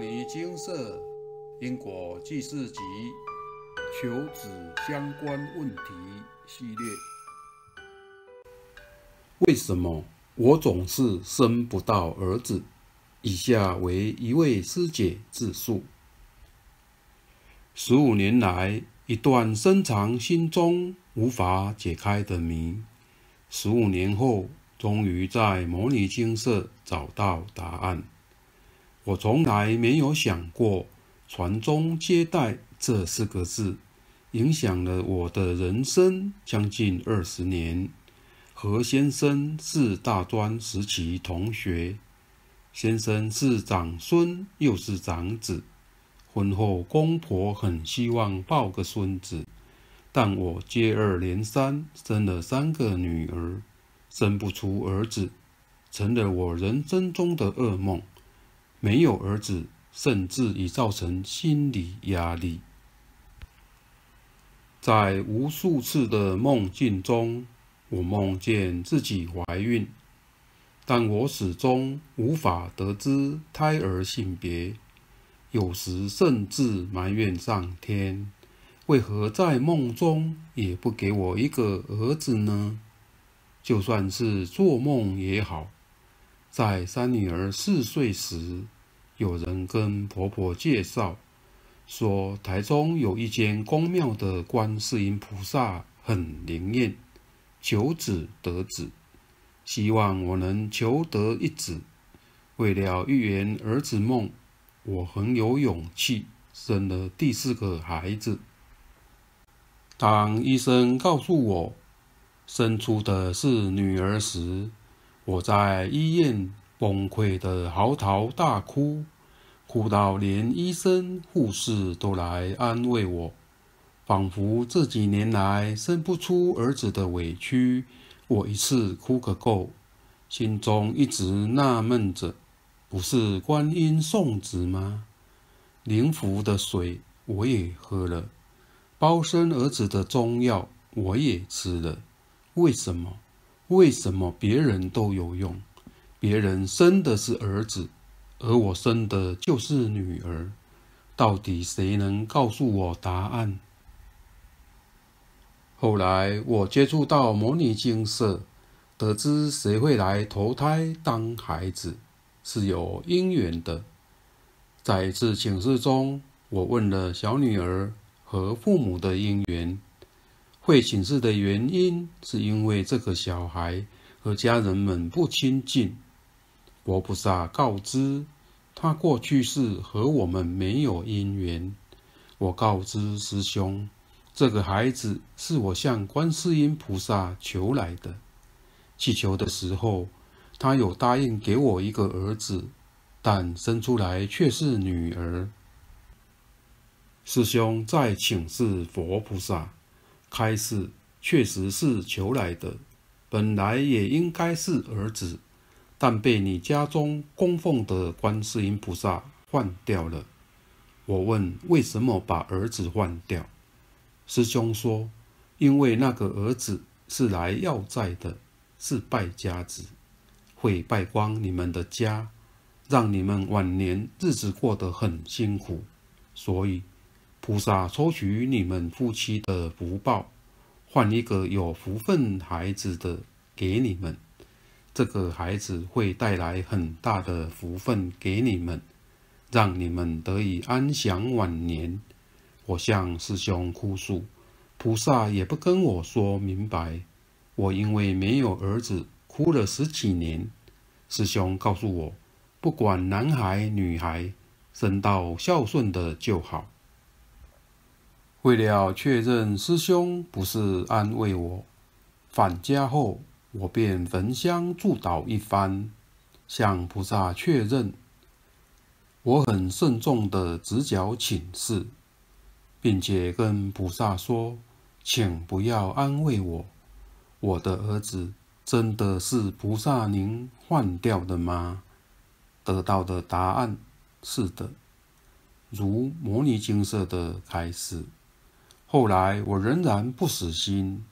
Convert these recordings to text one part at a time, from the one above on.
《牟尼精舍因果濟世集》求子相關問題系列：為什麼我總是生不到兒子？以下為一位師姐自述：十五年來，一段深藏心中無法解開的謎，十五年後，終於在《牟尼精舍》找到答案。我從來沒有想過“傳宗接代”這四個字影響了我的人生將近二十年。何先生是大專時期同學，先生是長孫，又是長子。婚後公婆很希望抱個孫子，但我接二連三生了三個女兒，生不出兒子，成了我人生中的噩夢。沒有兒子，甚至已造成心理壓力。在無數次的夢境中，我夢見自己懷孕，但我始終無法得知胎兒性別。有時甚至埋怨上天，為何在夢中也不給我一個兒子呢？就算是做夢也好。在三女兒四歲時，有人跟婆婆介紹，說台中有一間宮廟的觀世音菩薩很靈驗，求子得子，希望我能求得一子。為了預圓兒子夢，我很有勇氣生了第四個孩子。當醫生告訴我生出的是女兒時，我在醫院崩潰的嚎啕大哭，哭到連醫生、護士都來安慰我。仿佛這幾年來生不出兒子的委屈，我一次哭個夠。心中一直納悶着：不是觀音送子嗎？靈符的水我也喝了，包生兒子的中藥我也吃了，為什麼？為什麼別人都有用，別人生的是兒子，而我生的就是女兒？到底誰能告訴我答案？後來我接觸到牟尼精舍，得知誰會來投胎當孩子是有因緣的。在一次請示中，我問了小女兒和父母的因緣。會請示的原因，是因為這個小孩和家人們不親近。佛菩薩告知他過去是和我們沒有因緣。我告知師兄，這個孩子是我向觀世音菩薩求來的。祈求的時候，他有答應給我一個兒子，但生出來卻是女兒。師兄再請示佛菩薩。開示確實是求來的，本來也應該是兒子，但被你家中供奉的觀世音菩薩換掉了。我問為什麼把兒子換掉，師兄說，因為那個兒子是來要債的，是敗家子，會敗光你們的家，讓你們晚年日子過得很辛苦，所以。菩薩抽取你們夫妻的福報，換一個有福分孩子的給你們。這個孩子會帶來很大的福分給你們，讓你們得以安享晚年。我向師兄哭訴，菩薩也不跟我說明白。我因為沒有兒子，哭了十幾年。師兄告訴我，不管男孩女孩，生到孝順的就好。為了確認師兄不是安慰我，返家後我便焚香祝禱一番，向菩薩確認。我很慎重地直角請示，並且跟菩薩說：“請不要安慰我，我的兒子真的是菩薩您換掉的嗎？”得到的答案是的。如牟尼精舍的開示。後來我仍然不死心，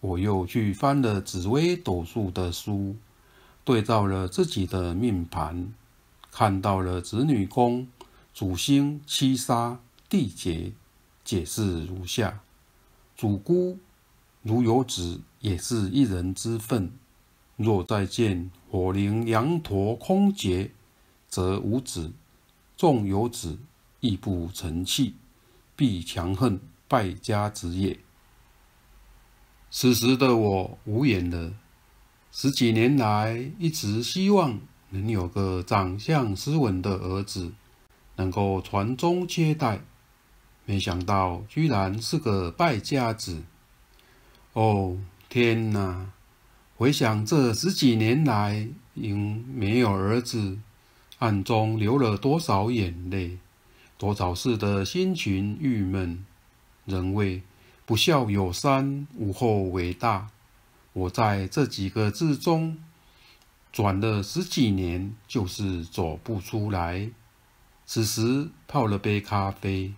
我又去翻了紫微斗數的書，對照了自己的命盤，看到了子女宮、主星七殺、地劫，解釋如下：主孤，如有子也是一人之份；若再見火鈴羊陀空劫，則無子；縱有子，亦不成器，必強橫。敗家子也。此時的我無言了。十幾年來一直希望能有個長相斯文的兒子，能夠傳宗接代，沒想到居然是個敗家子。哦，天哪！回想這十幾年來因沒有兒子，暗中流了多少眼淚，多少次的心情鬱悶。人謂不孝有三，無後為大。我在這幾個字中轉了十幾年，就是走不出來。此時泡了杯咖啡，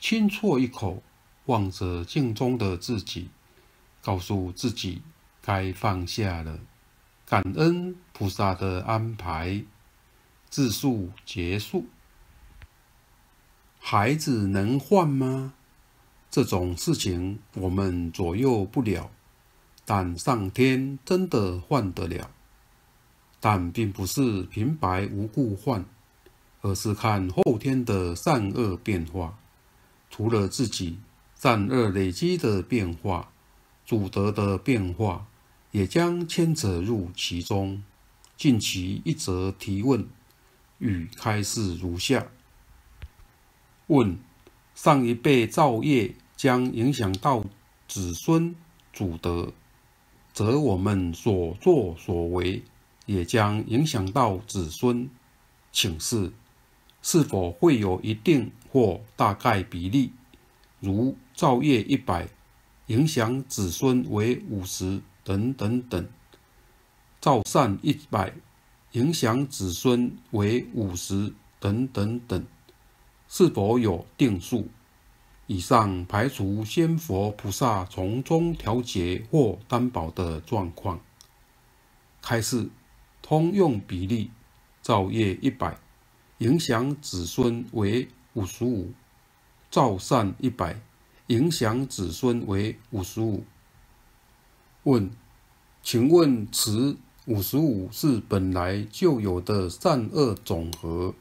輕啜一口，望着鏡中的自己，告訴自己該放下了，感恩菩薩的安排。自述結束。孩子能換嗎？這種事情我們左右不了，但上天真的換得了，但並不是平白無故換，而是看後天的善惡變化。除了自己善惡累積的變化，祖德的變化也將牽扯入其中。近期一則提問，與開示如下：問。上一輩造業將影響到子孫祖德，則我們所作所為也將影響到子孫，請示是否會有一定或大概比例？如造業一百，影響子孫為五十等等等；造善一百，影響子孫為五十等等等。是否有定數？以上排除仙佛菩薩從中調節或擔保的狀況。開示：通用比例，造業一百，影響子孫為五十五；造善一百，影響子孫為五十五。問：請問此五十五是本來就有的善惡總和？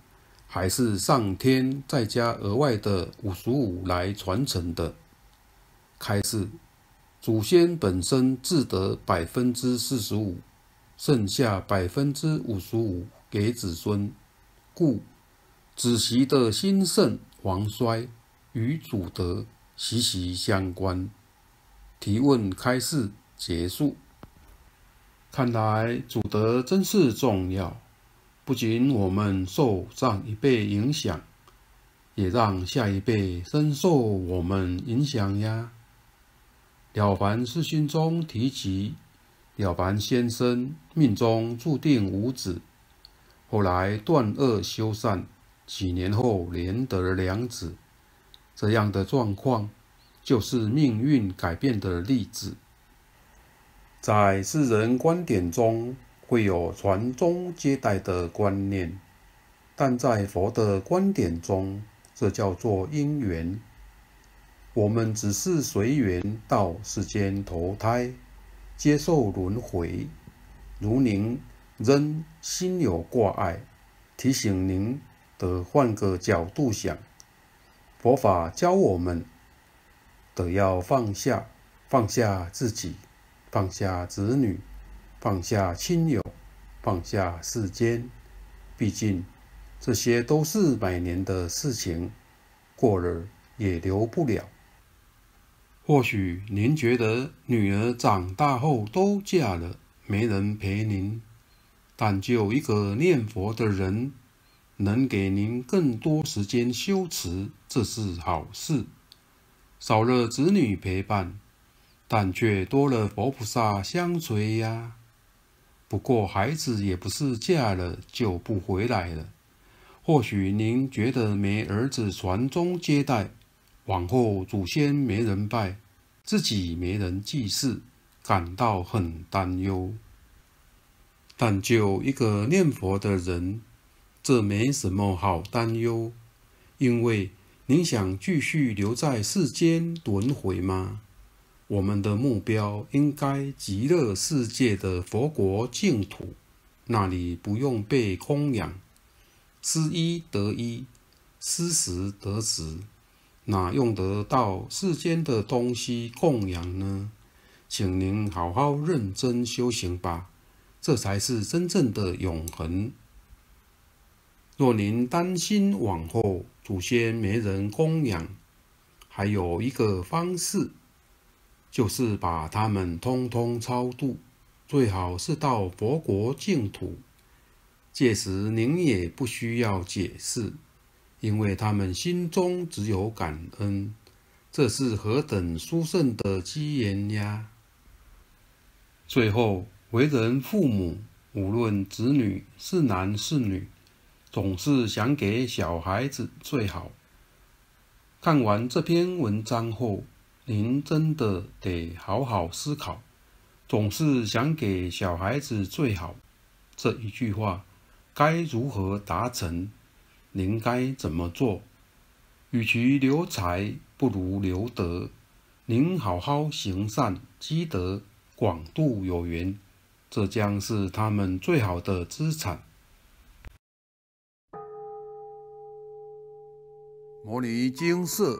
還是上天再加額外的五十五來傳承的？開示，祖先本身自得百分之四十五，剩下百分之五十五給子孫。故子息的興盛亡衰與祖德息息相關。提問開示結束，看來祖德真是重要。不僅我們受上一輩影響，也讓下一輩深受我們影響呀。了凡四訓中提及，了凡先生命中注定無子，後來斷惡修善，幾年後連得兩子，這樣的狀況就是命運改變的例子。在世人觀點中，會有傳宗接代的觀念，但在佛的觀點中，這叫做因緣。我們只是隨緣到世間投胎，接受輪迴。如您仍心有掛礙，提醒您得換個角度想，佛法教我們得要放下，放下自己，放下子女。放下親友，放下世間，畢竟這些都是百年的事情，過了也留不了。或許您覺得女兒長大後都嫁了，沒人陪您，但就一個念佛的人，能給您更多時間修持，這是好事。少了子女陪伴，但卻多了佛菩薩相隨呀。不過，孩子也不是嫁了就不回來了。或許您覺得沒兒子傳宗接代，往後祖先沒人拜，自己沒人祭祀，感到很擔憂。但就一個念佛的人，這沒什麼好擔憂，因為您想繼續留在世間輪回嗎？我們的目標應該極樂世界的佛國淨土，那裡不用被供養，思衣得衣，思食得食，哪用得到世間的東西供養呢？請您好好認真修行吧，這才是真正的永恆。若您擔心往後祖先沒人供養，還有一個方式。就是把他們通通超度，最好是到佛國淨土。屆時您也不需要解釋，因為他們心中只有感恩。這是何等殊勝的機緣呀！最後，為人父母，無論子女是男是女，總是想給小孩子最好。看完這篇文章後，您真的得好好思考，總是想給小孩子最好，這一句話該如何達成？您該怎麼做？與其留財，不如留德。您好好行善積德，廣度有緣，這將是他們最好的資產。牟尼精舍。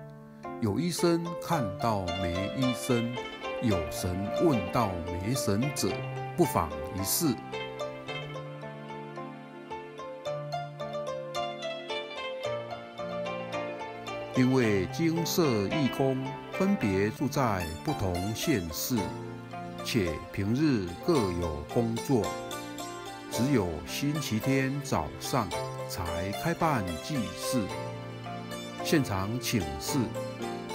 有醫生看到沒醫生，有神問到沒神者，不妨一試。因為精舍義工分別住在不同縣市，且平日各有工作，只有星期天早上才開辦濟世，現場請示。